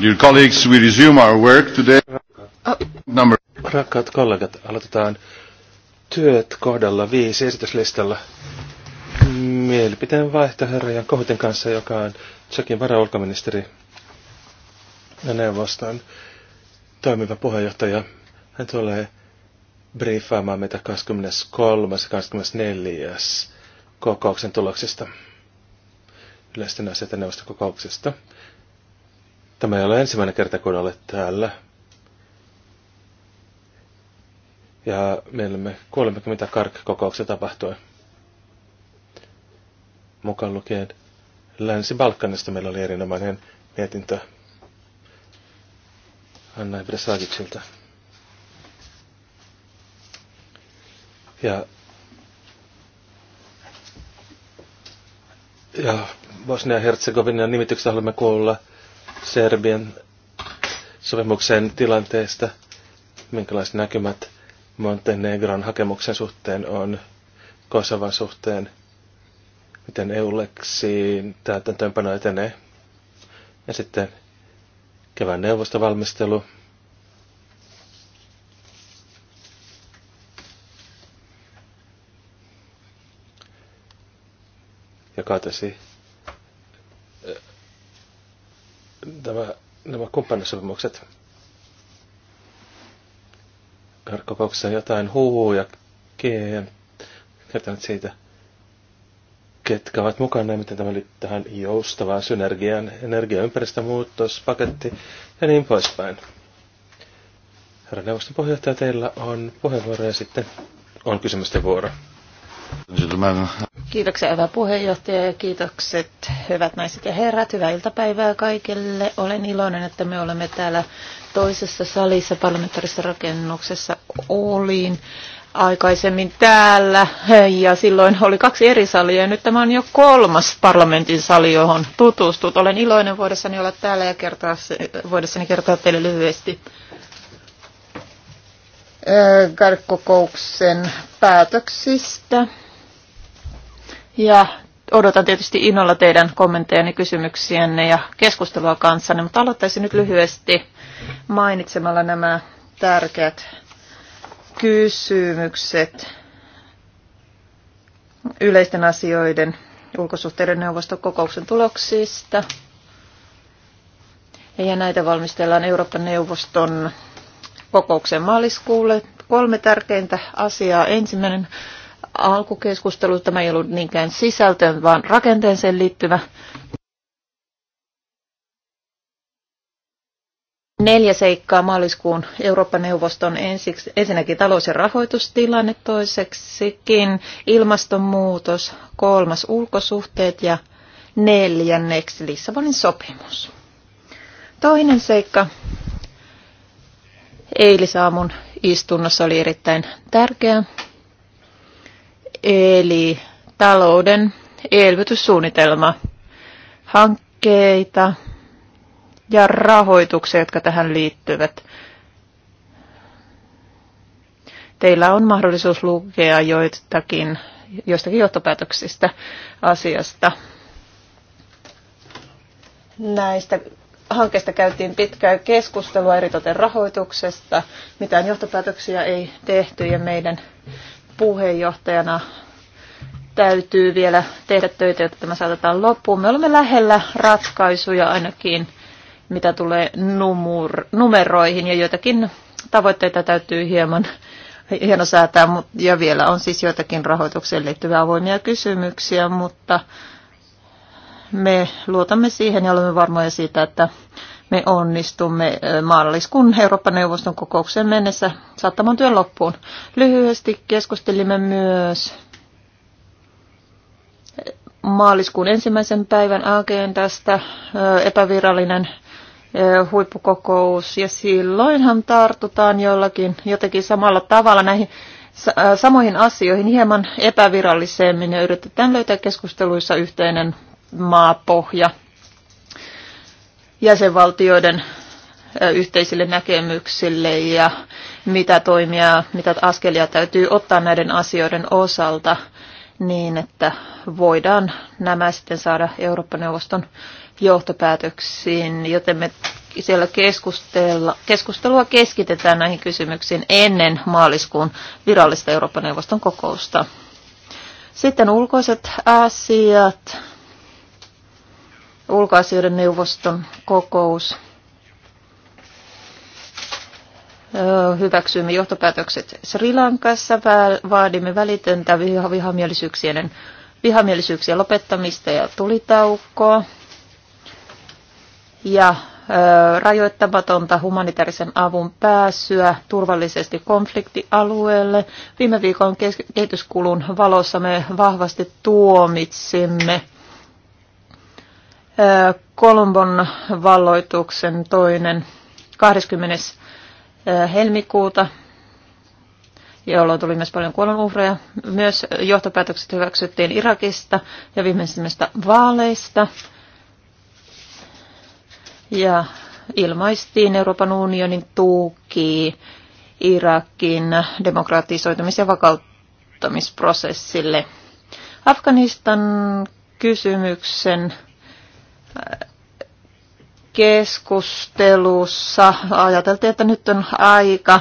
Dear colleagues, we resume our work today. Number. Rakkaat kollegat, aloitetaan työt kohdalla viisi esityslistalla. Mielipiteen vaihto herrajan Kohutin kanssa, joka on Tsekin varaulkoministeri ja neuvoston toimiva puheenjohtaja. Hän tulee briefaamaan meitä 23. ja 24 kokouksen tuloksista, yleisten asioiden neuvostokokouksesta. Tämä ei ole ensimmäinen kerta, kun olet täällä. Ja meillä me kuulemme, mitä karkkokouksessa tapahtui. Mukaan lukien Länsi-Balkanista meillä oli erinomainen mietintö Anna Ibresagicilta. Ja ja Bosnia-Herzegovinan nimityksestä haluamme kuulla Serbian sopimuksen tilanteesta, minkälaiset näkymät Montenegron hakemuksen suhteen on, Kosovan suhteen, miten EU-leksiin täytäntöönpano etenee. Ja sitten kevään neuvostovalmistelu. valmistelu katesi tämä nämä kumppanisopimukset. Kokouksessa jotain huhuja kertonut siitä, ketkä ovat mukana ja miten tämä oli tähän joustavaan synergian energiaympäristömuutospaketti ja niin poispäin. Herra neuvoston puheenjohtaja, teillä on puheenvuoro ja sitten on kysymysten vuoro. Kiitoksia hyvä puheenjohtaja ja kiitokset hyvät naiset ja herrat. Hyvää iltapäivää kaikille. Olen iloinen, että me olemme täällä toisessa salissa parlamentaarisessa rakennuksessa. Olin aikaisemmin täällä ja silloin oli kaksi eri salia ja nyt tämä on jo kolmas parlamentin sali, johon tutustut. Olen iloinen voidessani olla täällä ja kertoa, voidessani kertoa teille lyhyesti karkkokouksen äh, päätöksistä. Ja odotan tietysti innolla teidän kommenttejanne, kysymyksienne ja keskustelua kanssanne, mutta aloittaisin nyt lyhyesti mainitsemalla nämä tärkeät kysymykset yleisten asioiden ulkosuhteiden neuvoston kokouksen tuloksista. Ja näitä valmistellaan Euroopan neuvoston kokouksen maaliskuulle. Kolme tärkeintä asiaa. Ensimmäinen alkukeskustelu. Tämä ei ollut niinkään sisältö, vaan rakenteeseen liittyvä. Neljä seikkaa maaliskuun Eurooppa-neuvoston ensiksi, ensinnäkin talous- ja rahoitustilanne, toiseksikin ilmastonmuutos, kolmas ulkosuhteet ja neljänneksi Lissabonin sopimus. Toinen seikka eilisaamun istunnossa oli erittäin tärkeä eli talouden elvytyssuunnitelma, hankkeita ja rahoituksia, jotka tähän liittyvät. Teillä on mahdollisuus lukea joitakin, joistakin johtopäätöksistä asiasta. Näistä hankkeesta käytiin pitkää keskustelua eritoten rahoituksesta. Mitään johtopäätöksiä ei tehty ja meidän puheenjohtajana täytyy vielä tehdä töitä, jotta tämä saatetaan loppuun. Me olemme lähellä ratkaisuja ainakin, mitä tulee numur, numeroihin ja joitakin tavoitteita täytyy hieman hieno säätää. Ja vielä on siis joitakin rahoitukseen liittyviä avoimia kysymyksiä, mutta me luotamme siihen ja olemme varmoja siitä, että me onnistumme maaliskuun Eurooppa-neuvoston kokoukseen mennessä saattamaan työn loppuun. Lyhyesti keskustelimme myös maaliskuun ensimmäisen päivän agendasta epävirallinen huippukokous ja silloinhan tartutaan jollakin jotenkin samalla tavalla näihin samoihin asioihin hieman epävirallisemmin ja yritetään löytää keskusteluissa yhteinen maapohja jäsenvaltioiden yhteisille näkemyksille ja mitä toimia, mitä askelia täytyy ottaa näiden asioiden osalta niin, että voidaan nämä sitten saada Eurooppa-neuvoston johtopäätöksiin, joten me siellä keskustelua keskitetään näihin kysymyksiin ennen maaliskuun virallista Euroopan neuvoston kokousta. Sitten ulkoiset asiat ulkoasioiden neuvoston kokous. Hyväksyimme johtopäätökset Sri Lankassa, vaadimme välitöntä vihamielisyyksien, vihamielisyyksien lopettamista ja tulitaukoa ja rajoittamatonta humanitaarisen avun pääsyä turvallisesti konfliktialueelle. Viime viikon kehityskulun valossa me vahvasti tuomitsimme Kolombon valloituksen toinen 20. helmikuuta, jolloin tuli myös paljon kuolonuhreja. Myös johtopäätökset hyväksyttiin Irakista ja viimeisimmistä vaaleista. Ja ilmaistiin Euroopan unionin tuki Irakin demokratisoitumis- ja vakauttamisprosessille. Afganistan kysymyksen keskustelussa ajateltiin, että nyt on aika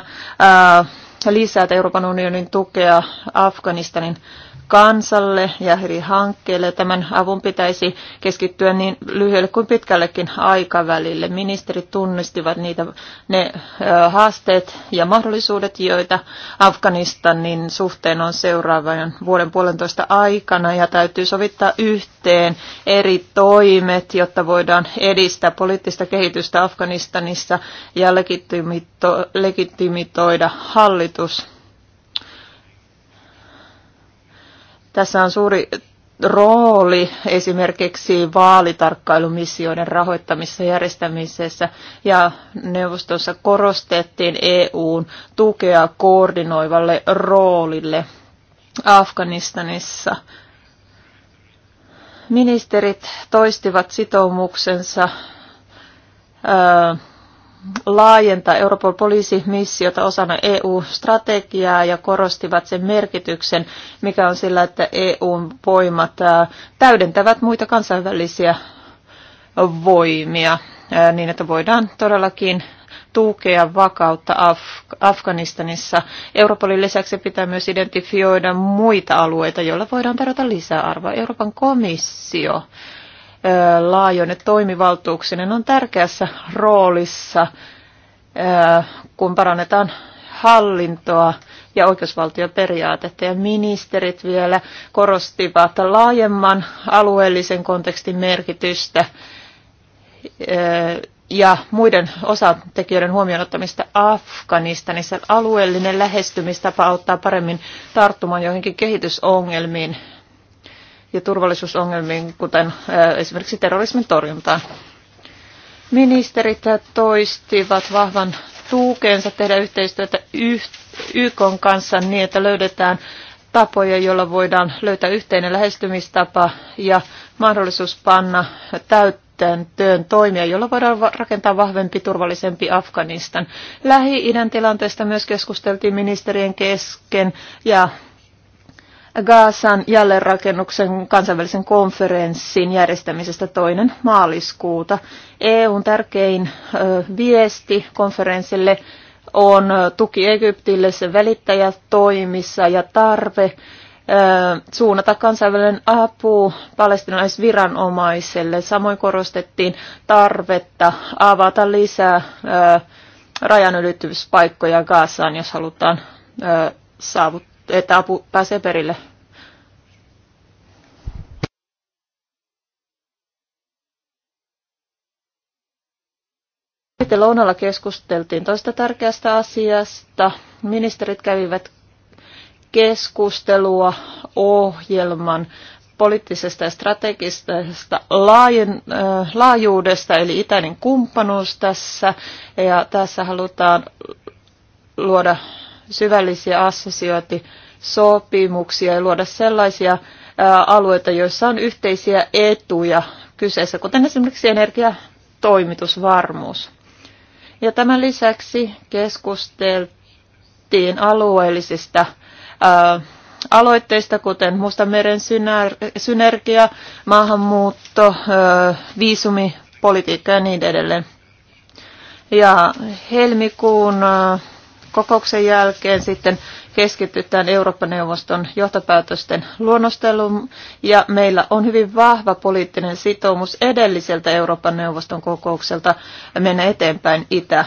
lisätä Euroopan unionin tukea Afganistanin kansalle ja eri hankkeille. Tämän avun pitäisi keskittyä niin lyhyelle kuin pitkällekin aikavälille. Ministerit tunnistivat niitä, ne haasteet ja mahdollisuudet, joita Afganistanin suhteen on seuraavan vuoden puolentoista aikana ja täytyy sovittaa yhteen eri toimet, jotta voidaan edistää poliittista kehitystä Afganistanissa ja legitimitoida hallitus Tässä on suuri rooli esimerkiksi vaalitarkkailumissioiden rahoittamisessa järjestämisessä ja neuvostossa korostettiin EUn tukea koordinoivalle roolille Afganistanissa. Ministerit toistivat sitoumuksensa laajentaa Euroopan poliisimissiota osana EU-strategiaa ja korostivat sen merkityksen, mikä on sillä, että EU voimat täydentävät muita kansainvälisiä voimia niin, että voidaan todellakin tukea vakautta Af- Afganistanissa. Europolin lisäksi pitää myös identifioida muita alueita, joilla voidaan tarjota lisäarvoa. Euroopan komissio laajoine toimivaltuuksineen on tärkeässä roolissa, kun parannetaan hallintoa ja oikeusvaltioperiaatetta. Ja ministerit vielä korostivat laajemman alueellisen kontekstin merkitystä ja muiden osatekijöiden huomioon ottamista Afganistanissa. Alueellinen lähestymistapa auttaa paremmin tarttumaan johonkin kehitysongelmiin ja turvallisuusongelmiin, kuten esimerkiksi terrorismin torjuntaan. Ministerit toistivat vahvan tukeensa tehdä yhteistyötä YK kanssa niin, että löydetään tapoja, joilla voidaan löytää yhteinen lähestymistapa ja mahdollisuus panna työn toimia, jolla voidaan rakentaa vahvempi, turvallisempi Afganistan. Lähi-idän tilanteesta myös keskusteltiin ministerien kesken ja Gaasan jälleenrakennuksen kansainvälisen konferenssin järjestämisestä toinen maaliskuuta. EUn tärkein viesti konferenssille on tuki Egyptille sen välittäjätoimissa ja tarve suunnata kansainvälinen apu palestinaisviranomaiselle. Samoin korostettiin tarvetta avata lisää rajanylityspaikkoja Gaasaan, jos halutaan saavuttaa että apu pääsee perille. Sitten lounalla keskusteltiin toista tärkeästä asiasta. Ministerit kävivät keskustelua ohjelman poliittisesta ja strategisesta laajen, äh, laajuudesta, eli itäinen kumppanuus tässä. Ja tässä halutaan luoda syvällisiä assosiointisopimuksia ja luoda sellaisia alueita, joissa on yhteisiä etuja kyseessä, kuten esimerkiksi energiatoimitusvarmuus. Ja tämän lisäksi keskusteltiin alueellisista ää, aloitteista, kuten Mustameren synergia, maahanmuutto, ää, viisumipolitiikka ja niin edelleen. Ja helmikuun ää, kokouksen jälkeen sitten keskitytään Eurooppa-neuvoston johtopäätösten luonnosteluun ja meillä on hyvin vahva poliittinen sitoumus edelliseltä Euroopan neuvoston kokoukselta mennä eteenpäin itä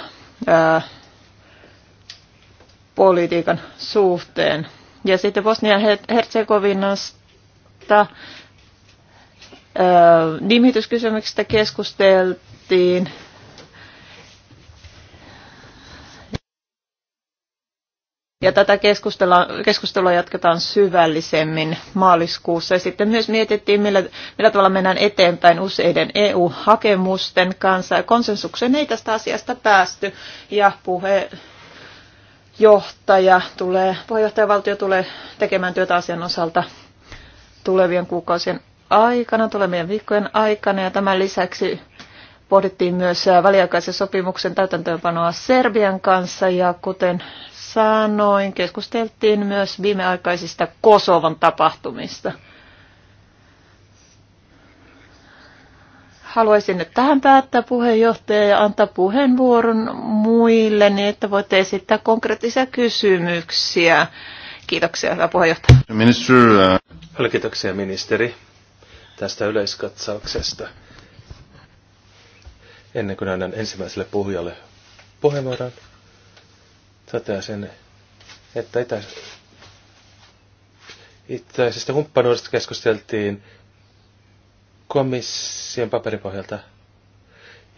politiikan suhteen. Ja sitten Bosnia-Herzegovinasta nimityskysymyksistä keskusteltiin Ja tätä keskustelua, keskustelua jatketaan syvällisemmin maaliskuussa. Ja sitten myös mietittiin, millä, millä tavalla mennään eteenpäin useiden EU-hakemusten kanssa. Ja konsensukseen ei tästä asiasta päästy. Ja puheenjohtaja tulee, puheenjohtajavaltio tulee tekemään työtä asian osalta tulevien kuukausien aikana, tulevien viikkojen aikana. Ja tämän lisäksi Pohdittiin myös väliaikaisen sopimuksen täytäntöönpanoa Serbian kanssa ja kuten sanoin, keskusteltiin myös viimeaikaisista Kosovan tapahtumista. Haluaisin nyt tähän päättää puheenjohtaja ja antaa puheenvuoron muille, niin että voitte esittää konkreettisia kysymyksiä. Kiitoksia, hyvä puheenjohtaja. Minister, uh... Kiitoksia ministeri tästä yleiskatsauksesta ennen kuin annan ensimmäiselle puhujalle puheenvuoron, toteaa sen, että itä, itäisestä kumppanuudesta keskusteltiin komission paperipohjalta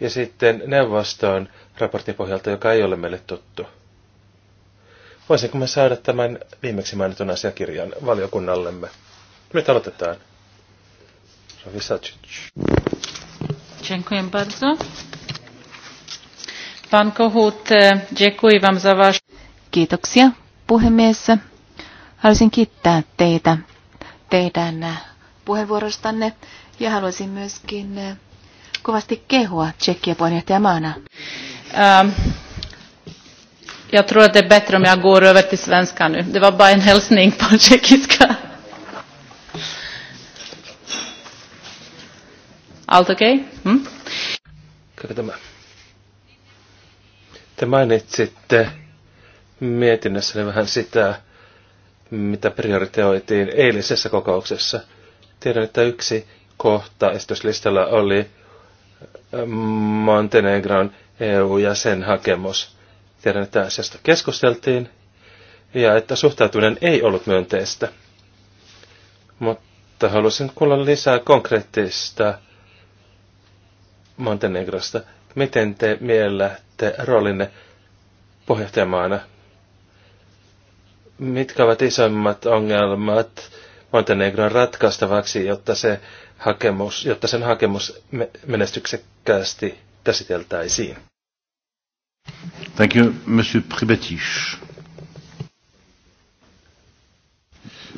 ja sitten neuvoston raporttipohjalta, joka ei ole meille tuttu. Voisinko me saada tämän viimeksi mainitun asiakirjan valiokunnallemme? Nyt aloitetaan. Ravi Sajic. Dziękuję bardzo. Pan Kohut, e, dziękuję Wam za Wasz... Kiitoksia, puhemies. Haluaisin kiittää teitä teidän e, puheenvuorostanne ja haluaisin myöskin e, kovasti kehua Tsekkiä puheenjohtajamaana. Ähm. Jag tror att det är bättre om jag går över till svenska nu. Det var bara en hälsning på tjeckiska. Allt okej? Okay? Mm? tämä. Te mainitsitte mietinnössäni vähän sitä, mitä prioriteoitiin eilisessä kokouksessa. Tiedän, että yksi kohta esityslistalla oli äh, Montenegron EU-jäsenhakemus. Tiedän, että asiasta keskusteltiin ja että suhtautuminen ei ollut myönteistä. Mutta halusin kuulla lisää konkreettista Montenegrosta. Miten te miellätte roolinne puheenjohtajamaana? Mitkä ovat isommat ongelmat Montenegron ratkaistavaksi, jotta, se hakemus, jotta sen hakemus menestyksekkäästi käsiteltäisiin? Thank you, Monsieur Pribetich.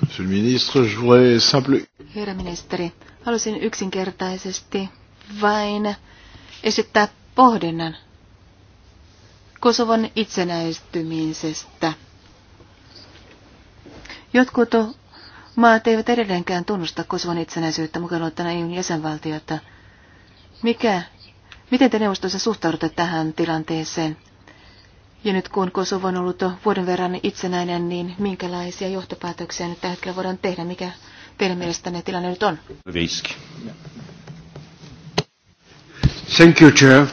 Monsieur le ministre, je voudrais simple... Herra ministeri, halusin yksinkertaisesti vain esittää pohdinnan Kosovon itsenäistymisestä. Jotkut maat eivät edelleenkään tunnusta Kosovon itsenäisyyttä mukaan luottana EUn jäsenvaltiota. Mikä, miten te neuvostossa suhtaudutte tähän tilanteeseen? Ja nyt kun Kosovo on ollut vuoden verran itsenäinen, niin minkälaisia johtopäätöksiä nyt tällä hetkellä voidaan tehdä? Mikä teidän mielestänne tilanne nyt on? Riski. Thank you, Chair.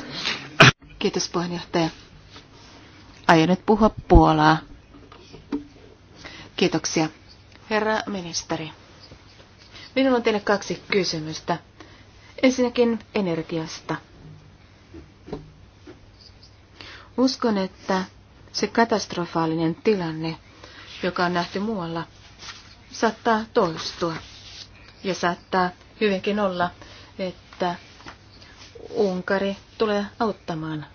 Kiitos puheenjohtaja. Aion nyt puhua Puolaa. Kiitoksia. Herra ministeri, minulla on teille kaksi kysymystä. Ensinnäkin energiasta. Uskon, että se katastrofaalinen tilanne, joka on nähty muualla, saattaa toistua. Ja saattaa hyvinkin olla, että Unkari tulee auttamaan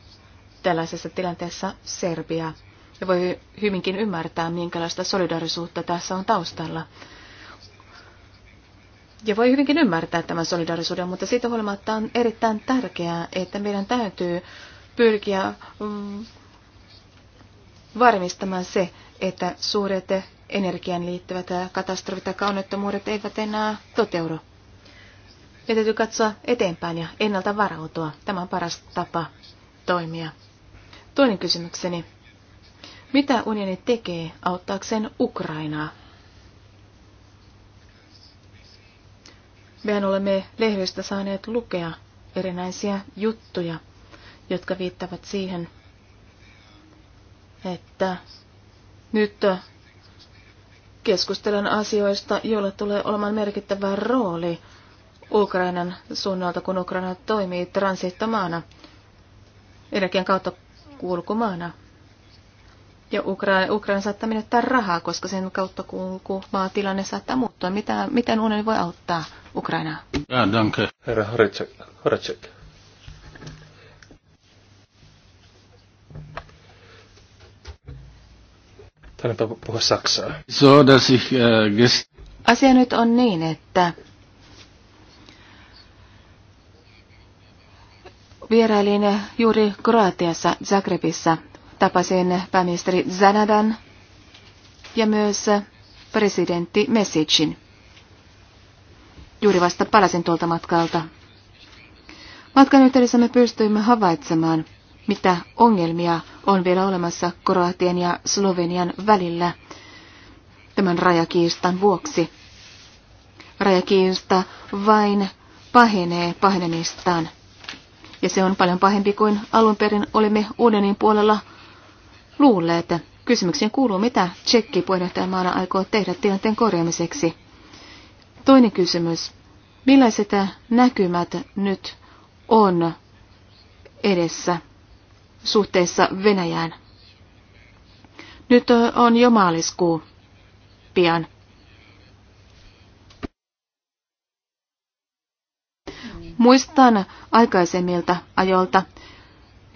tällaisessa tilanteessa Serbiaa. Ja voi hyvinkin ymmärtää, minkälaista solidarisuutta tässä on taustalla. Ja voi hyvinkin ymmärtää tämän solidarisuuden, mutta siitä huolimatta on erittäin tärkeää, että meidän täytyy pyrkiä varmistamaan se, että suuret energian liittyvät katastrofit ja kaunettomuudet eivät enää toteudu. Ja täytyy katsoa eteenpäin ja ennalta varautua. Tämä on paras tapa toimia. Toinen kysymykseni. Mitä unioni tekee auttaakseen Ukrainaa? Mehän olemme lehdistä saaneet lukea erinäisiä juttuja, jotka viittavat siihen, että nyt keskustelen asioista, joilla tulee olemaan merkittävä rooli Ukrainan suunnalta, kun Ukraina toimii transittomaana, energian kautta kulkumaana. Ja Ukraina, Ukraina saattaa menettää rahaa, koska sen kautta kulkumaan tilanne saattaa muuttua. Mitä, miten unioni voi auttaa Ukrainaa? Ja, danke. Herra Horacek. Horacek. Tänne puhua Saksaa. So, dass ich, äh, Asia nyt on niin, että Vierailin juuri Kroatiassa, Zagrebissa. Tapasin pääministeri Zanadan ja myös presidentti Mesicin. Juuri vasta palasin tuolta matkalta. Matkan yhteydessä me pystyimme havaitsemaan, mitä ongelmia on vielä olemassa Kroatian ja Slovenian välillä tämän rajakiistan vuoksi. Rajakiista vain pahenee pahenemistaan ja se on paljon pahempi kuin alun perin olimme unionin puolella luulleet. Kysymykseen kuuluu, mitä Tsekki puheenjohtajamaana aikoo tehdä tilanteen korjaamiseksi. Toinen kysymys. Millaiset näkymät nyt on edessä suhteessa Venäjään? Nyt on jo maaliskuu pian. Muistan aikaisemmilta ajolta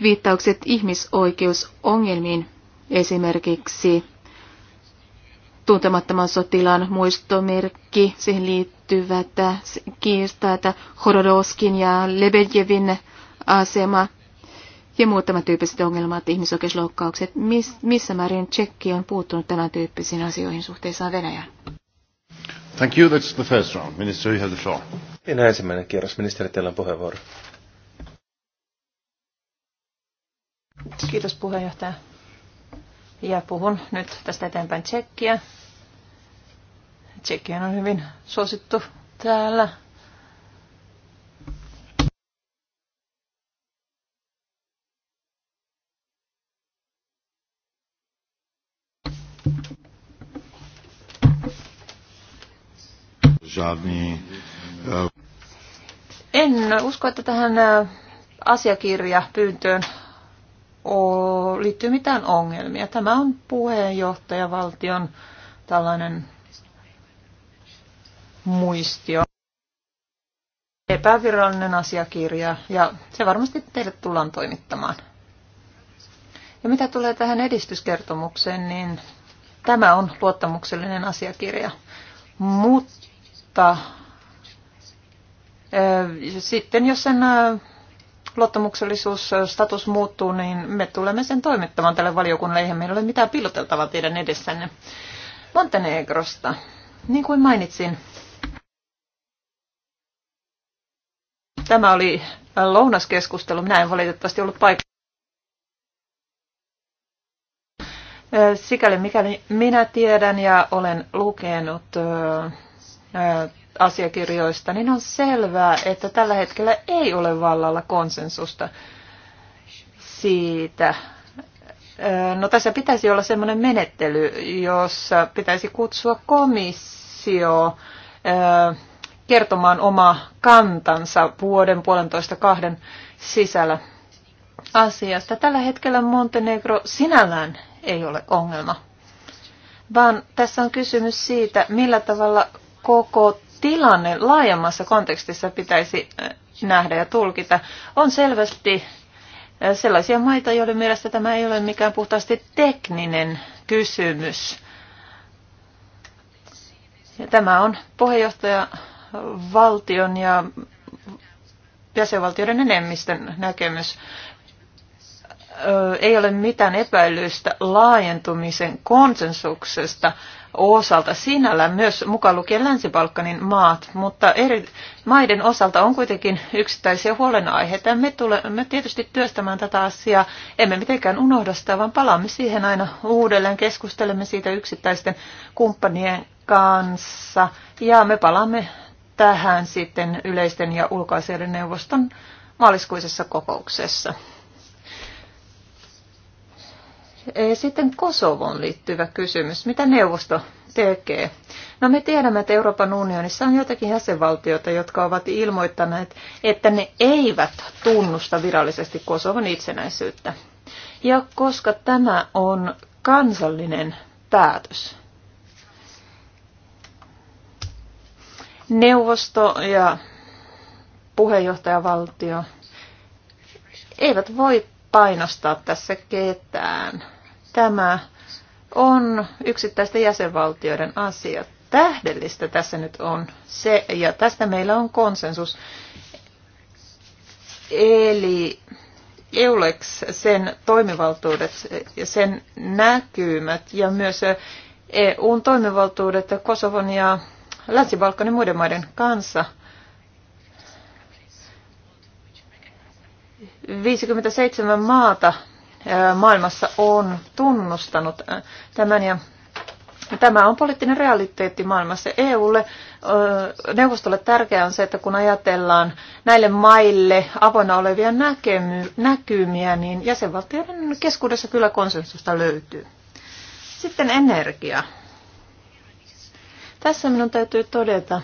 viittaukset ihmisoikeusongelmiin, esimerkiksi tuntemattoman sotilaan muistomerkki, siihen liittyvät kiistat, Horodoskin ja Lebedjevin asema ja muut tämän tyyppiset ongelmat, ihmisoikeusloukkaukset. Mis, missä määrin Tsekki on puuttunut tämän tyyppisiin asioihin suhteessaan Venäjään? Thank you. That's the first round. Minister, you have the floor. Enää ensimmäinen kierros. Ministeri, teillä on puheenvuoro. Kiitos puheenjohtaja. Ja puhun nyt tästä eteenpäin tsekkiä. Tsekkiä on hyvin suosittu täällä. Žádný en usko, että tähän asiakirjapyyntöön liittyy mitään ongelmia. Tämä on puheenjohtajavaltion tällainen muistio. Epävirallinen asiakirja ja se varmasti teille tullaan toimittamaan. Ja mitä tulee tähän edistyskertomukseen, niin tämä on luottamuksellinen asiakirja. Mutta sitten jos sen luottamuksellisuusstatus muuttuu, niin me tulemme sen toimittamaan tälle valiokunnalle. Eihän meillä ole mitään piiloteltavaa teidän edessänne. Montenegrosta, niin kuin mainitsin, tämä oli lounaskeskustelu. Minä en valitettavasti ollut paikalla. Sikäli mikäli minä tiedän ja olen lukenut asiakirjoista, niin on selvää, että tällä hetkellä ei ole vallalla konsensusta siitä. No tässä pitäisi olla sellainen menettely, jossa pitäisi kutsua komissio kertomaan oma kantansa vuoden puolentoista kahden sisällä asiasta. Tällä hetkellä Montenegro sinällään ei ole ongelma, vaan tässä on kysymys siitä, millä tavalla koko tilanne laajemmassa kontekstissa pitäisi äh, nähdä ja tulkita. On selvästi äh, sellaisia maita, joiden mielestä tämä ei ole mikään puhtaasti tekninen kysymys. Ja tämä on puheenjohtaja valtion ja jäsenvaltioiden enemmistön näkemys. Ei ole mitään epäilystä laajentumisen konsensuksesta osalta sinällään myös mukaan lukien Länsi-Balkanin maat, mutta eri maiden osalta on kuitenkin yksittäisiä huolenaiheita. Me tulemme tietysti työstämään tätä asiaa, emme mitenkään unohda sitä, vaan palaamme siihen aina uudelleen, keskustelemme siitä yksittäisten kumppanien kanssa ja me palaamme tähän sitten yleisten ja ulkoasioiden neuvoston maaliskuisessa kokouksessa. E, sitten Kosovoon liittyvä kysymys. Mitä neuvosto tekee? No me tiedämme, että Euroopan unionissa on jotakin jäsenvaltioita, jotka ovat ilmoittaneet, että ne eivät tunnusta virallisesti Kosovon itsenäisyyttä. Ja koska tämä on kansallinen päätös, neuvosto ja puheenjohtajavaltio eivät voi painostaa tässä ketään tämä on yksittäisten jäsenvaltioiden asia. Tähdellistä tässä nyt on se, ja tästä meillä on konsensus. Eli EULEX, sen toimivaltuudet ja sen näkymät ja myös EUn toimivaltuudet Kosovon ja Länsi-Balkanin muiden maiden kanssa. 57 maata maailmassa on tunnustanut tämän ja Tämä on poliittinen realiteetti maailmassa. EUlle, neuvostolle tärkeää on se, että kun ajatellaan näille maille avoinna olevia näkymiä, niin jäsenvaltioiden keskuudessa kyllä konsensusta löytyy. Sitten energia. Tässä minun täytyy todeta,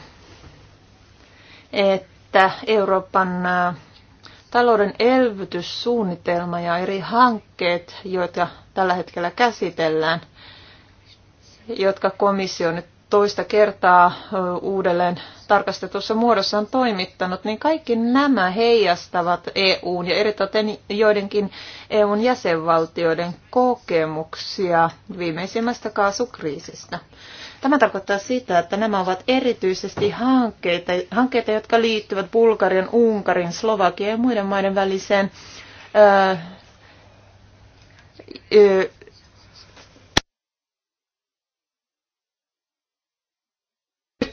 että Euroopan talouden elvytyssuunnitelma ja eri hankkeet, joita tällä hetkellä käsitellään, jotka komissio nyt toista kertaa uudelleen tarkastetussa muodossa on toimittanut, niin kaikki nämä heijastavat EUn ja eritoten joidenkin EUn jäsenvaltioiden kokemuksia viimeisimmästä kaasukriisistä. Tämä tarkoittaa sitä, että nämä ovat erityisesti hankkeita, hankkeita jotka liittyvät Bulgarian, Unkarin, Slovakian ja muiden maiden väliseen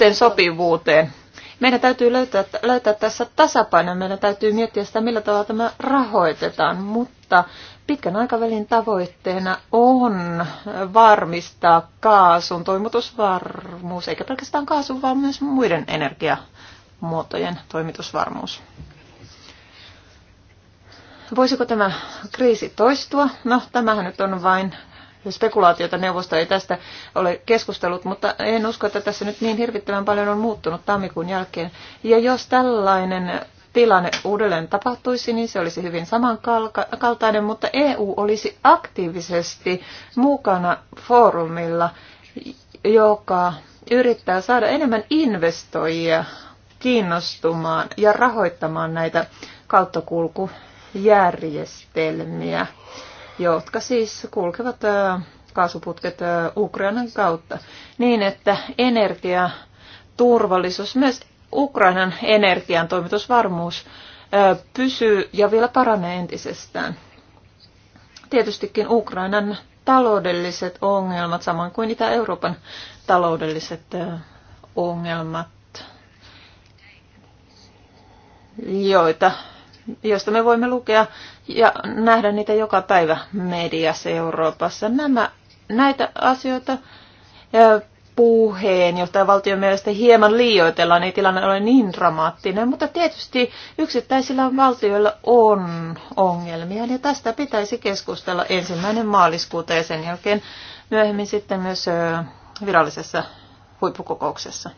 yhteen sopivuuteen. Meidän täytyy löytää, löytää tässä tasapaino, meidän täytyy miettiä sitä, millä tavalla tämä rahoitetaan, mutta pitkän aikavälin tavoitteena on varmistaa kaasun toimitusvarmuus, eikä pelkästään kaasun, vaan myös muiden energiamuotojen toimitusvarmuus. Voisiko tämä kriisi toistua? No, tämähän nyt on vain spekulaatiota neuvosto ei tästä ole keskustellut, mutta en usko, että tässä nyt niin hirvittävän paljon on muuttunut tammikuun jälkeen. Ja jos tällainen tilanne uudelleen tapahtuisi, niin se olisi hyvin samankaltainen, mutta EU olisi aktiivisesti mukana foorumilla, joka yrittää saada enemmän investoijia kiinnostumaan ja rahoittamaan näitä kauttakulkujärjestelmiä jotka siis kulkevat kaasuputket Ukrainan kautta, niin että energia turvallisuus, myös Ukrainan energian toimitusvarmuus pysyy ja vielä paranee entisestään. Tietystikin Ukrainan taloudelliset ongelmat, samoin kuin Itä-Euroopan taloudelliset ongelmat, joita josta me voimme lukea ja nähdä niitä joka päivä mediassa Euroopassa. Nämä, näitä asioita puheen, jota valtion mielestä hieman liioitellaan, ei tilanne ole niin dramaattinen, mutta tietysti yksittäisillä valtioilla on ongelmia ja tästä pitäisi keskustella ensimmäinen maaliskuuta ja sen jälkeen myöhemmin sitten myös virallisessa huippukokouksessa.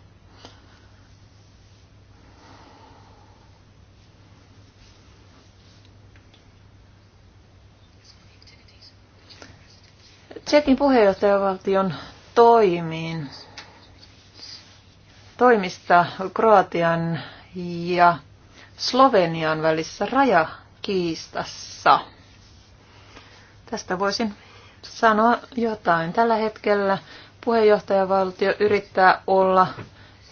Tsekin puheenjohtajavaltion toimiin, toimista Kroatian ja Slovenian välissä rajakiistassa. Tästä voisin sanoa jotain. Tällä hetkellä puheenjohtajavaltio yrittää olla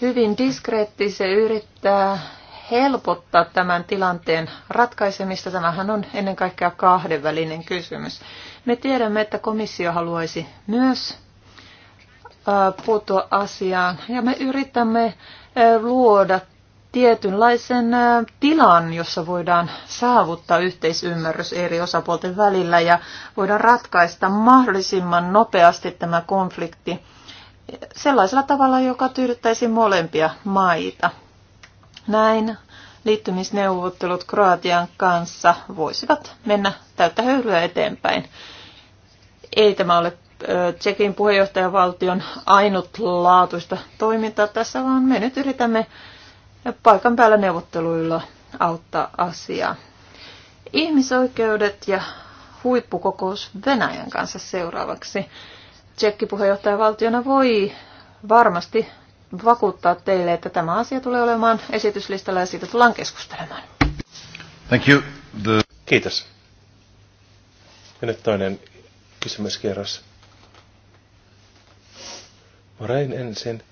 hyvin diskreetti, se yrittää helpottaa tämän tilanteen ratkaisemista. Tämähän on ennen kaikkea kahdenvälinen kysymys. Me tiedämme, että komissio haluaisi myös puuttua asiaan ja me yritämme luoda tietynlaisen tilan, jossa voidaan saavuttaa yhteisymmärrys eri osapuolten välillä ja voidaan ratkaista mahdollisimman nopeasti tämä konflikti sellaisella tavalla, joka tyydyttäisi molempia maita. Näin liittymisneuvottelut Kroatian kanssa voisivat mennä täyttä höyryä eteenpäin. Ei tämä ole Tsekin puheenjohtajavaltion ainutlaatuista toimintaa tässä, vaan me nyt yritämme paikan päällä neuvotteluilla auttaa asiaa. Ihmisoikeudet ja huippukokous Venäjän kanssa seuraavaksi. Tsekki puheenjohtajavaltiona voi varmasti vakuuttaa teille, että tämä asia tulee olemaan esityslistalla ja siitä tullaan keskustelemaan. Thank you. The... Kiitos. Ja nyt toinen kysymyskierros. Morain ensin.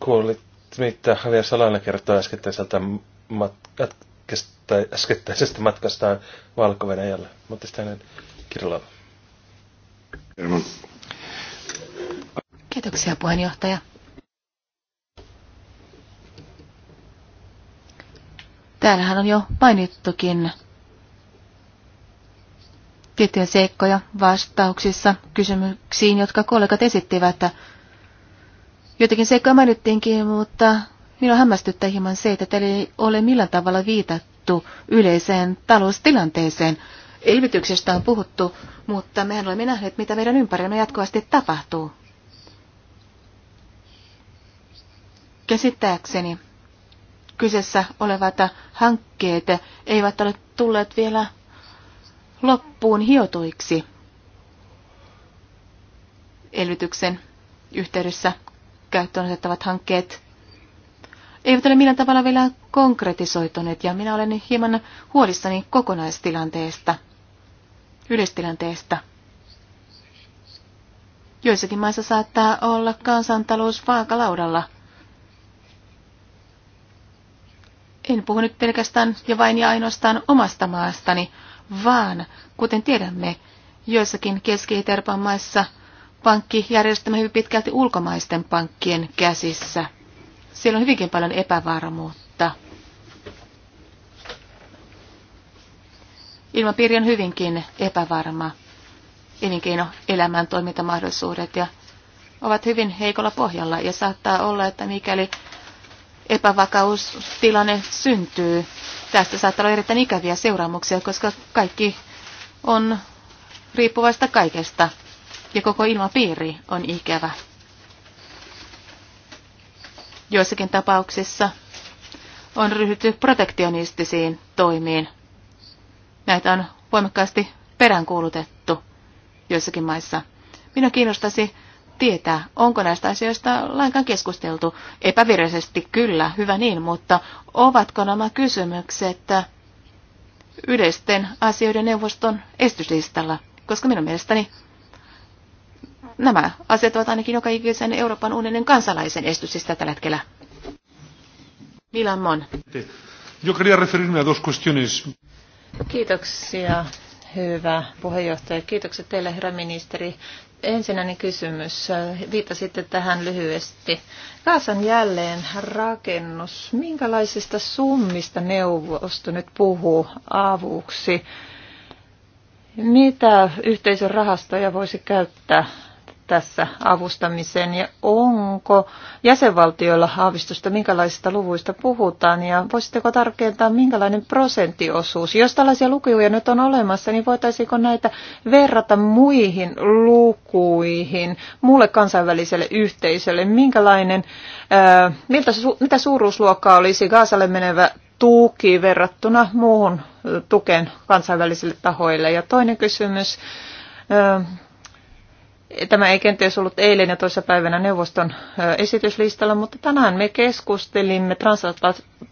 Kuulit, mitä Javier Salana kertoi äskettäiseltä matkasta, äskettäisestä matkastaan Valko-Venäjällä, mutta sitten hänen kirjallaan. Kiitoksia puheenjohtaja. Täällähän on jo mainittukin tiettyjä seikkoja vastauksissa kysymyksiin, jotka kollegat esittivät. Joitakin seikkoja mainittiinkin, mutta minua hämmästyttää hieman se, että teillä ei ole millään tavalla viitattu yleiseen taloustilanteeseen. Elvytyksestä on puhuttu, mutta mehän olemme nähneet, mitä meidän ympärillämme jatkuvasti tapahtuu. Käsittääkseni kyseessä olevat hankkeet eivät ole tulleet vielä loppuun hiotuiksi elvytyksen yhteydessä käyttöön otettavat hankkeet eivät ole millään tavalla vielä konkretisoituneet ja minä olen hieman huolissani kokonaistilanteesta, yleistilanteesta. Joissakin maissa saattaa olla kansantalous vaakalaudalla – En puhu nyt pelkästään ja vain ja ainoastaan omasta maastani, vaan kuten tiedämme, joissakin keski maissa pankkijärjestelmä hyvin pitkälti ulkomaisten pankkien käsissä. Siellä on hyvinkin paljon epävarmuutta. Ilmapiiri on hyvinkin epävarma. Elinkeinoelämän toimintamahdollisuudet ja ovat hyvin heikolla pohjalla ja saattaa olla, että mikäli epävakaustilanne syntyy. Tästä saattaa olla erittäin ikäviä seuraamuksia, koska kaikki on riippuvaista kaikesta ja koko ilmapiiri on ikävä. Joissakin tapauksissa on ryhdytty protektionistisiin toimiin. Näitä on voimakkaasti peräänkuulutettu joissakin maissa. Minua kiinnostaisi tietää, onko näistä asioista lainkaan keskusteltu. Epävirallisesti kyllä, hyvä niin, mutta ovatko nämä kysymykset yleisten asioiden neuvoston estyslistalla? Koska minun mielestäni nämä asiat ovat ainakin joka ikisen Euroopan unionin kansalaisen estyslistalla tällä hetkellä. Milan Mon. Yo quería referirme a dos cuestiones. Kiitoksia, hyvä puheenjohtaja. Kiitokset teille, herra ministeri, ensinnäinen kysymys. Viittasitte tähän lyhyesti. Kaasan jälleen rakennus. Minkälaisista summista neuvosto nyt puhuu avuksi? Mitä yhteisön rahastoja voisi käyttää tässä avustamiseen ja onko jäsenvaltioilla haavistusta, minkälaisista luvuista puhutaan ja voisitteko tarkentaa, minkälainen prosenttiosuus, jos tällaisia lukuja nyt on olemassa, niin voitaisiinko näitä verrata muihin lukuihin, muulle kansainväliselle yhteisölle, minkälainen, ää, äh, miltä, mitä suuruusluokkaa olisi Gaasalle menevä tuki verrattuna muuhun äh, tukeen kansainvälisille tahoille. Ja toinen kysymys, äh, Tämä ei kenties ollut eilen ja toissapäivänä neuvoston esityslistalla, mutta tänään me keskustelimme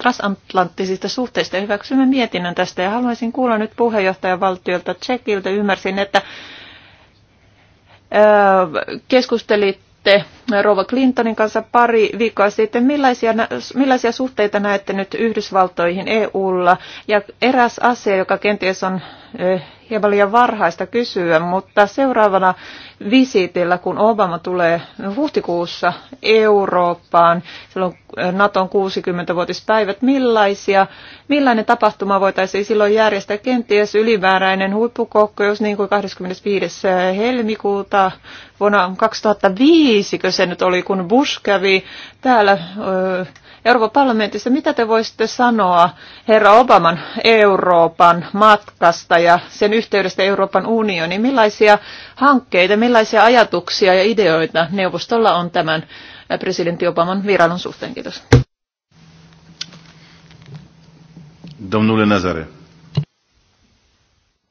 transatlanttisista suhteista ja hyväksymme mietinnön tästä. Ja haluaisin kuulla nyt valtiolta Tsekiltä. Ymmärsin, että keskustelitte Rova Clintonin kanssa pari viikkoa sitten. Millaisia, millaisia suhteita näette nyt Yhdysvaltoihin EUlla? Ja eräs asia, joka kenties on hieman liian varhaista kysyä, mutta seuraavana visiitillä, kun Obama tulee huhtikuussa Eurooppaan, silloin Naton 60-vuotispäivät, millaisia, millainen tapahtuma voitaisiin silloin järjestää? Kenties ylimääräinen huippukokous, niin kuin 25. helmikuuta vuonna 2005, kun se nyt oli, kun Bush kävi täällä Euroopan parlamentissa. Mitä te voisitte sanoa herra Obaman Euroopan matkasta ja sen yhteydestä Euroopan unioniin? Millaisia hankkeita, millaisia ajatuksia ja ideoita neuvostolla on tämän presidentti Obaman virallon suhteen? Kiitos. Domnule Nazare.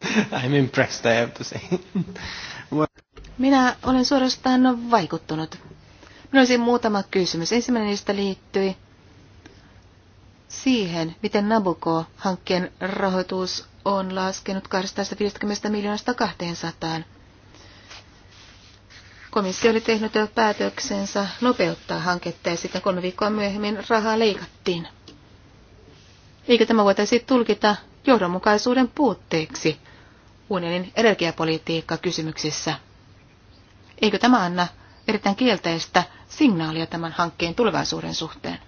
I'm impressed, I have to say. Minä olen suorastaan vaikuttunut Minulla no olisi muutama kysymys. Ensimmäinen niistä liittyi siihen, miten Nabucco-hankkeen rahoitus on laskenut 250 miljoonasta 200. Komissio oli tehnyt jo päätöksensä nopeuttaa hanketta ja sitten kolme viikkoa myöhemmin rahaa leikattiin. Eikö tämä voitaisiin tulkita johdonmukaisuuden puutteeksi unionin energiapolitiikka kysymyksissä? Eikö tämä anna erittäin kielteistä signaalia tämän hankkeen tulevaisuuden suhteen?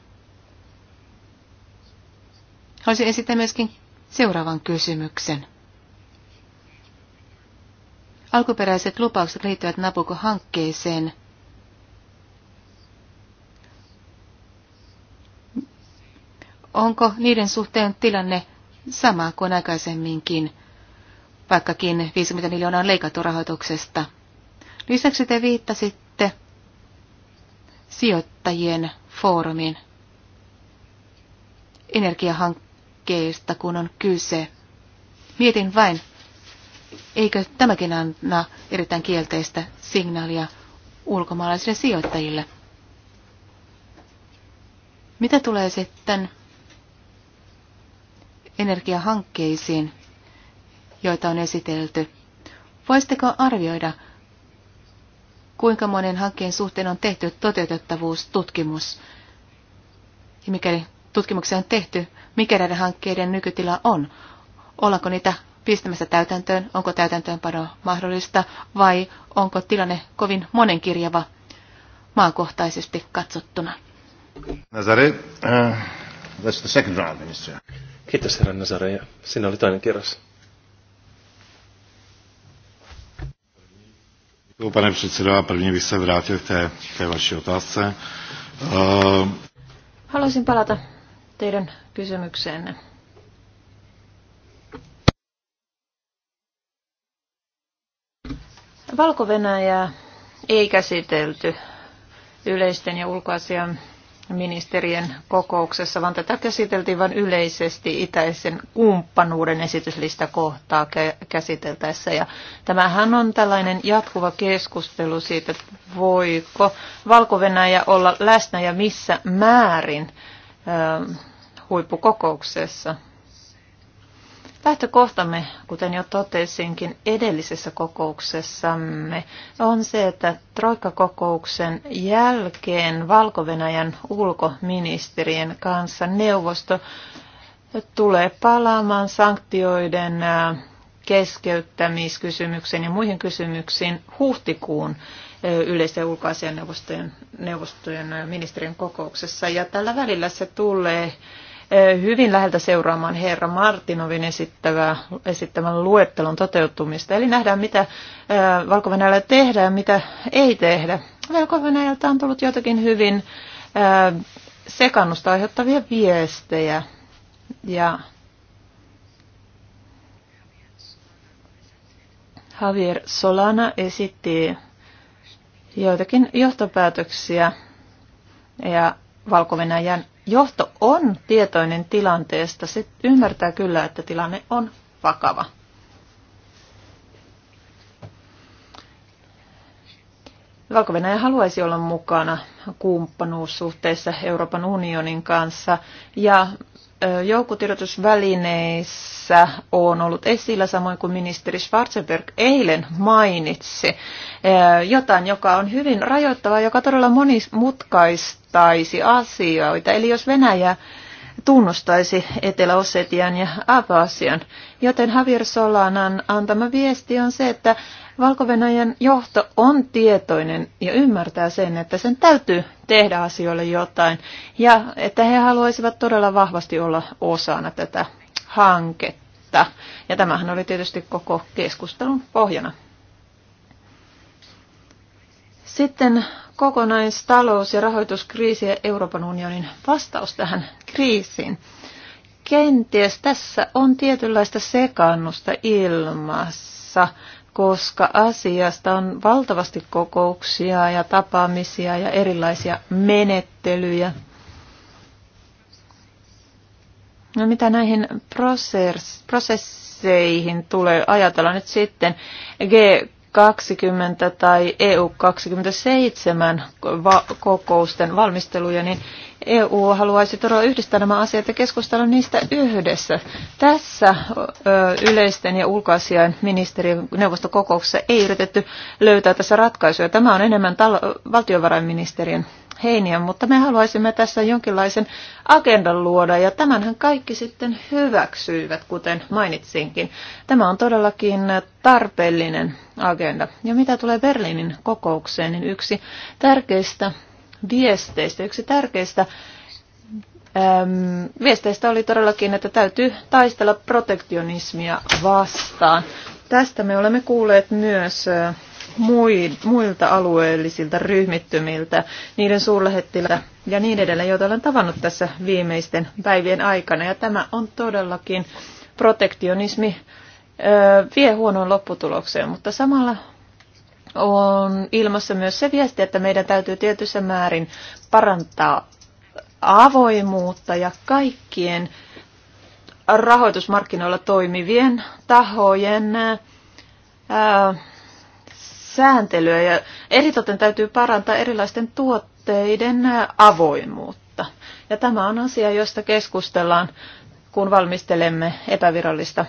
Haluaisin esittää myöskin seuraavan kysymyksen. Alkuperäiset lupaukset liittyvät Nabucco-hankkeeseen. Onko niiden suhteen tilanne sama kuin aikaisemminkin, vaikkakin 50 miljoonaa on leikattu rahoituksesta? Lisäksi te viittasitte sijoittajien foorumin energiahankkeesta, kun on kyse. Mietin vain, eikö tämäkin anna erittäin kielteistä signaalia ulkomaalaisille sijoittajille. Mitä tulee sitten energiahankkeisiin, joita on esitelty? Voisitteko arvioida, kuinka monen hankkeen suhteen on tehty toteutettavuustutkimus. Ja mikäli tutkimuksia on tehty, mikä näiden hankkeiden nykytila on? Ollaanko niitä pistämässä täytäntöön? Onko täytäntöönpano mahdollista vai onko tilanne kovin monenkirjava maakohtaisesti katsottuna? Nazare, uh, that's the second round, minister. Kiitos herra Nazare. Sinä oli toinen kierros. Děkuji, pane předsedo, a první bych se vrátil k té, k té vaší otázce. Uh... Haluaisin palata teidän kysymykseenne. valko venäjää ei käsitelty yleisten ja ulkoasian ministerien kokouksessa, vaan tätä käsiteltiin vain yleisesti itäisen kumppanuuden kohtaa käsiteltäessä. Ja tämähän on tällainen jatkuva keskustelu siitä, että voiko valko olla läsnä ja missä määrin huippukokouksessa – Lähtökohtamme, kuten jo totesinkin edellisessä kokouksessamme, on se, että Troikka-kokouksen jälkeen Valko-Venäjän ulkoministerien kanssa neuvosto tulee palaamaan sanktioiden keskeyttämiskysymyksiin ja muihin kysymyksiin huhtikuun yleisten ulkoasianneuvostojen neuvostojen ministerien kokouksessa. Ja tällä välillä se tulee hyvin läheltä seuraamaan herra Martinovin esittävää, esittävän luettelon toteutumista. Eli nähdään, mitä valko tehdään ja mitä ei tehdä. valko on tullut jotakin hyvin sekannusta aiheuttavia viestejä. Ja Javier Solana esitti joitakin johtopäätöksiä ja valko johto on tietoinen tilanteesta. Se ymmärtää kyllä, että tilanne on vakava. valko haluaisi olla mukana kumppanuussuhteissa Euroopan unionin kanssa ja joukkotiedotusvälineissä on ollut esillä, samoin kuin ministeri Schwarzenberg eilen mainitsi, jotain, joka on hyvin rajoittavaa, joka todella monimutkaistaisi asioita. Eli jos Venäjä tunnustaisi Etelä-Osetian ja Abasian. Joten Javier Solanan antama viesti on se, että valko johto on tietoinen ja ymmärtää sen, että sen täytyy tehdä asioille jotain ja että he haluaisivat todella vahvasti olla osana tätä hanketta. Ja tämähän oli tietysti koko keskustelun pohjana. Sitten kokonaistalous- ja rahoituskriisi ja Euroopan unionin vastaus tähän kriisiin. Kenties tässä on tietynlaista sekaannusta ilmassa, koska asiasta on valtavasti kokouksia ja tapaamisia ja erilaisia menettelyjä. No mitä näihin prosesseihin tulee ajatella nyt sitten G 20 tai EU 27 kokousten valmisteluja, niin EU haluaisi todella yhdistää nämä asiat ja keskustella niistä yhdessä. Tässä yleisten ja ulkoasian ministeriön neuvostokokouksessa ei yritetty löytää tässä ratkaisuja. Tämä on enemmän valtiovarainministeriön heiniä, mutta me haluaisimme tässä jonkinlaisen agendan luoda ja tämänhän kaikki sitten hyväksyivät, kuten mainitsinkin. Tämä on todellakin tarpeellinen agenda. Ja mitä tulee Berliinin kokoukseen, niin yksi tärkeistä viesteistä, yksi tärkeistä äm, viesteistä oli todellakin, että täytyy taistella protektionismia vastaan. Tästä me olemme kuulleet myös muilta alueellisilta ryhmittymiltä, niiden suurlähettilä ja niin edelleen, joita olen tavannut tässä viimeisten päivien aikana. Ja tämä on todellakin protektionismi vie huonoon lopputulokseen, mutta samalla on ilmassa myös se viesti, että meidän täytyy tietyssä määrin parantaa avoimuutta ja kaikkien rahoitusmarkkinoilla toimivien tahojen ää, sääntelyä ja eritoten täytyy parantaa erilaisten tuotteiden avoimuutta. Ja tämä on asia, josta keskustellaan, kun valmistelemme epävirallista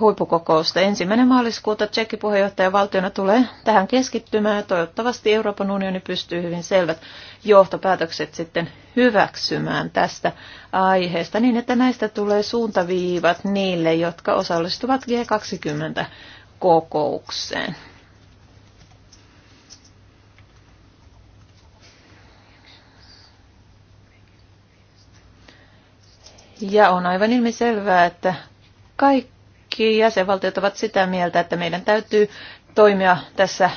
huippukokousta. Ensimmäinen maaliskuuta Tsekki puheenjohtajavaltiona tulee tähän keskittymään ja toivottavasti Euroopan unioni pystyy hyvin selvät johtopäätökset sitten hyväksymään tästä aiheesta niin, että näistä tulee suuntaviivat niille, jotka osallistuvat G20-kokoukseen. Ja on aivan ilmiselvää, että kaikki jäsenvaltiot ovat sitä mieltä, että meidän täytyy toimia tässä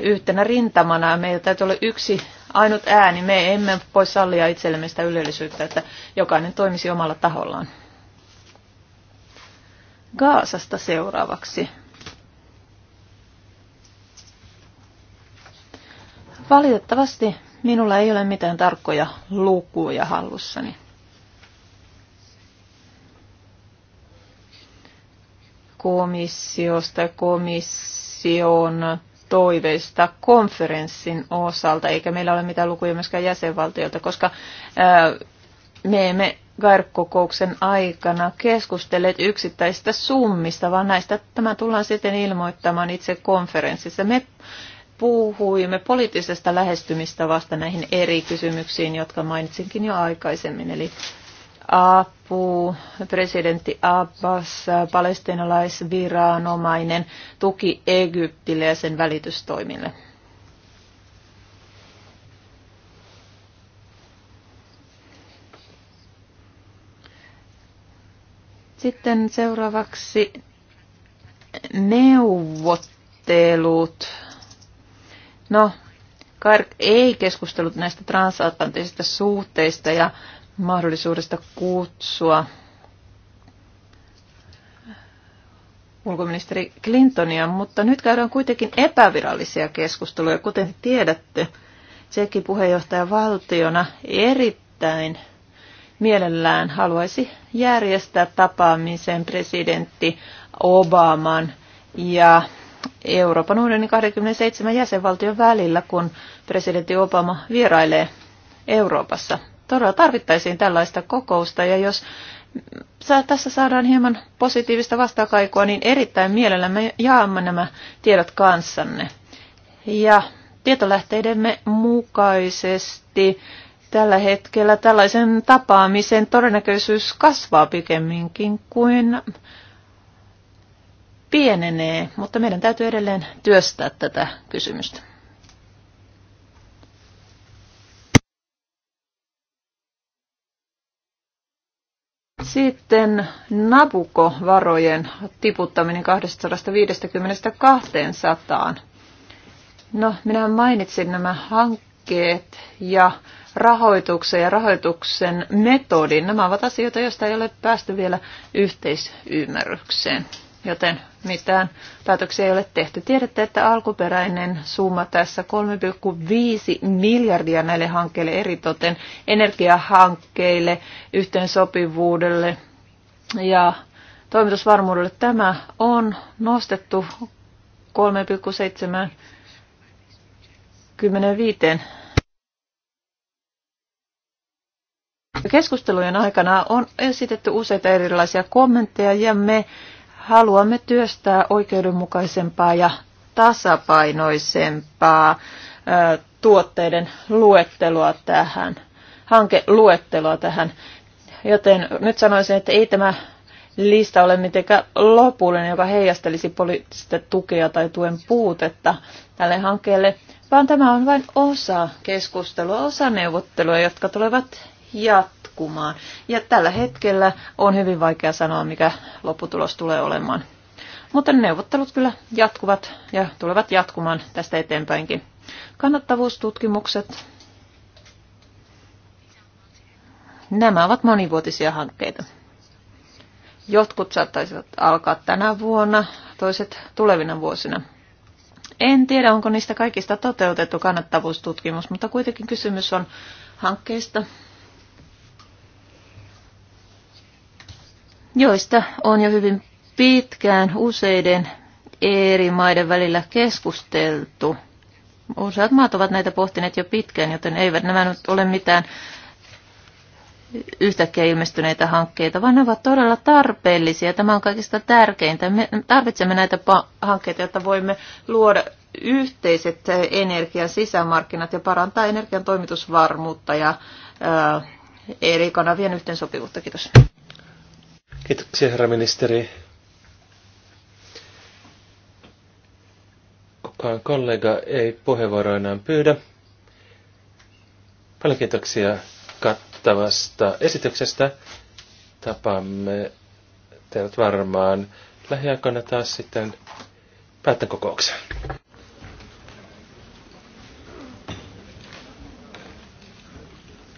yhtenä rintamana. Meillä täytyy olla yksi ainut ääni. Me emme voi sallia itsellemme sitä ylellisyyttä, että jokainen toimisi omalla tahollaan. Gaasasta seuraavaksi. Valitettavasti minulla ei ole mitään tarkkoja lukuja hallussani. komissiosta ja komission toiveista konferenssin osalta, eikä meillä ole mitään lukuja myöskään jäsenvaltiolta, koska me emme kokouksen aikana keskustelleet yksittäisistä summista, vaan näistä tämä tullaan sitten ilmoittamaan itse konferenssissa. Me puhuimme poliittisesta lähestymistä vasta näihin eri kysymyksiin, jotka mainitsinkin jo aikaisemmin, eli apu, presidentti Abbas, palestinalaisviranomainen, tuki Egyptille ja sen välitystoimille. Sitten seuraavaksi neuvottelut. No, Kark ei keskustellut näistä transatlanttisista suhteista ja mahdollisuudesta kutsua ulkoministeri Clintonia, mutta nyt käydään kuitenkin epävirallisia keskusteluja. Kuten tiedätte, Tsekin valtiona erittäin mielellään haluaisi järjestää tapaamisen presidentti Obaman ja Euroopan unionin 27 jäsenvaltion välillä, kun presidentti Obama vierailee Euroopassa todella tarvittaisiin tällaista kokousta ja jos tässä saadaan hieman positiivista vastakaikua, niin erittäin mielellämme jaamme nämä tiedot kanssanne. Ja tietolähteidemme mukaisesti tällä hetkellä tällaisen tapaamisen todennäköisyys kasvaa pikemminkin kuin pienenee, mutta meidän täytyy edelleen työstää tätä kysymystä. Sitten Nabuko-varojen tiputtaminen 250-200. No, minä mainitsin nämä hankkeet ja rahoituksen ja rahoituksen metodin. Nämä ovat asioita, joista ei ole päästy vielä yhteisymmärrykseen joten mitään päätöksiä ei ole tehty. Tiedätte, että alkuperäinen summa tässä 3,5 miljardia näille hankkeille, eritoten energiahankkeille, yhteensopivuudelle ja toimitusvarmuudelle. Tämä on nostettu 3,7 Keskustelujen aikana on esitetty useita erilaisia kommentteja ja me haluamme työstää oikeudenmukaisempaa ja tasapainoisempaa tuotteiden luettelua tähän, hankeluettelua tähän. Joten nyt sanoisin, että ei tämä lista ole mitenkään lopullinen, joka heijastelisi poliittista tukea tai tuen puutetta tälle hankkeelle, vaan tämä on vain osa keskustelua, osa neuvottelua, jotka tulevat jatkoon liikkumaan. Ja tällä hetkellä on hyvin vaikea sanoa, mikä lopputulos tulee olemaan. Mutta neuvottelut kyllä jatkuvat ja tulevat jatkumaan tästä eteenpäinkin. Kannattavuustutkimukset. Nämä ovat monivuotisia hankkeita. Jotkut saattaisivat alkaa tänä vuonna, toiset tulevina vuosina. En tiedä, onko niistä kaikista toteutettu kannattavuustutkimus, mutta kuitenkin kysymys on hankkeista, joista on jo hyvin pitkään useiden eri maiden välillä keskusteltu. Useat maat ovat näitä pohtineet jo pitkään, joten eivät nämä nyt ole mitään yhtäkkiä ilmestyneitä hankkeita, vaan ne ovat todella tarpeellisia. Tämä on kaikista tärkeintä. Me tarvitsemme näitä hankkeita, jotta voimme luoda yhteiset energian sisämarkkinat ja parantaa energian toimitusvarmuutta ja ää, eri kanavien yhteensopivuutta. Kiitos. Kiitoksia, herra ministeri. Kukaan kollega ei puheenvuoroinaan pyydä. Paljon kiitoksia kattavasta esityksestä. Tapaamme teidät varmaan lähiaikoina taas sitten päätän